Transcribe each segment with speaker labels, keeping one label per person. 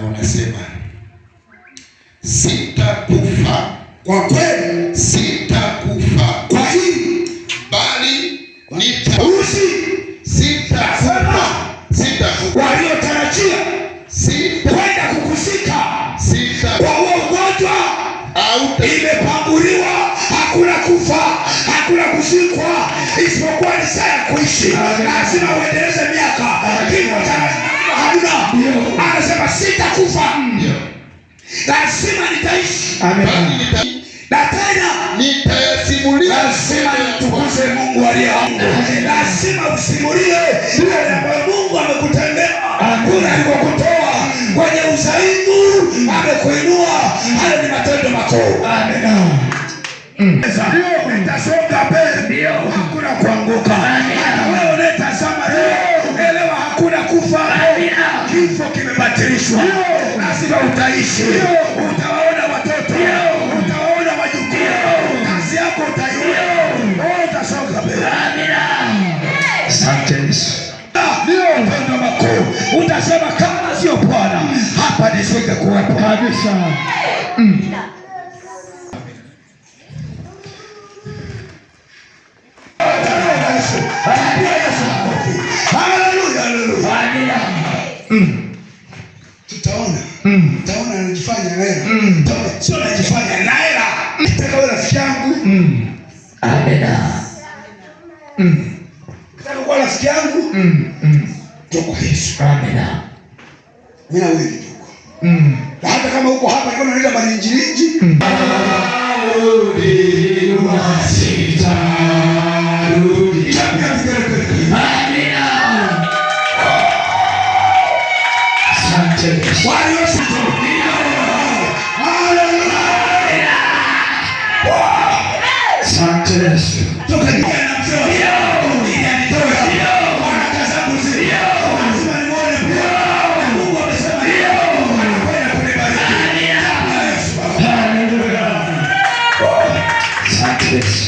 Speaker 1: na unasema sitakufa,
Speaker 2: kwa kweli
Speaker 1: sitakufa
Speaker 2: kwa hili,
Speaker 1: bali
Speaker 2: nitaishi.
Speaker 1: Sitakufa, sitakufa
Speaker 2: waliotarajia
Speaker 1: sitakwenda
Speaker 2: kukushika kwa huo ugonjwa, imepanguliwa. Hakuna kufa, hakuna kushikwa, isipokuwa ni saa ya kuishi. Lazima uendeleze miaka anasema sitakufa, lazima nitaishi na tena
Speaker 1: nitayasimulia.
Speaker 2: Lazima nitukuze Mungu aliye wangu, lazima usimulie ile ambayo Mungu amekutendea kule alikokutoa kwenye uzaimu, amekuinua. Hayo ni matendo makuu. Amina. Nitasonga mbele, hakuna kuanguka. kimebatilishwa, lazima utaishi, utawaona watoto, utawaona wajukuu, kazi yako utaiona, oh,
Speaker 1: Asante Yesu.
Speaker 2: Ndio makuu, utasema kama sio Bwana hapa nisingekuwepo
Speaker 1: kabisa. Mm.
Speaker 2: Haleluya,
Speaker 1: haleluya.
Speaker 2: sio najifanya naela nitakawe rafiki yangu
Speaker 1: mm. amena mm.
Speaker 2: nataka kuwa rafiki yangu
Speaker 1: mm. mm.
Speaker 2: tuko Yesu
Speaker 1: amena
Speaker 2: mimi na wewe tuko mm. na hata kama uko hapa ikiwa unaenda marinjirinji
Speaker 1: mm. Yes.
Speaker 2: Toka nje na mshoa. Yes.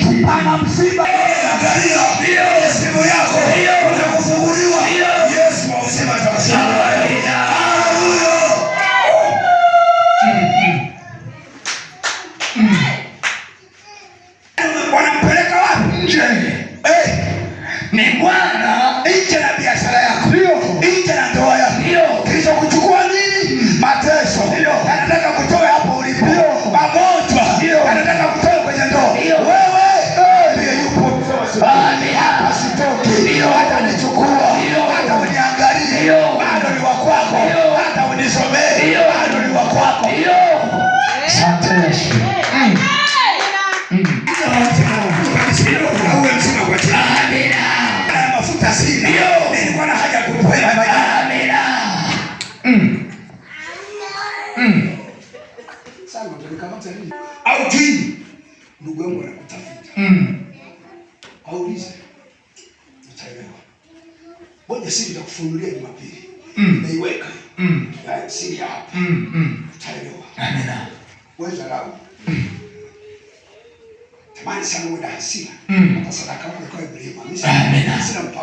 Speaker 2: pana msiba wanampeleka wapi? Eh. Ni Bwana nje na biashara yako, nje na ndoa yako, kilichokuchukua nini? Mateso anataka kutoa hapo ulipo, magonjwa anataka kutoa kwenye ndoa Sasa utanikamata nini? Au jini ndugu yangu anakutafuta. Mm. Aulize. Utaelewa. Ngoja siri nitakufunulia Jumapili. Mm. Naiweka. Mm. Ya siri hapa.
Speaker 1: Mm. Mm. Utaelewa. Amina.
Speaker 2: Wewe lao. Mm. Tamani sana uwe na hasira. Mm. Hata sadaka yako ikawa Ibrahim. Amina.
Speaker 1: Sina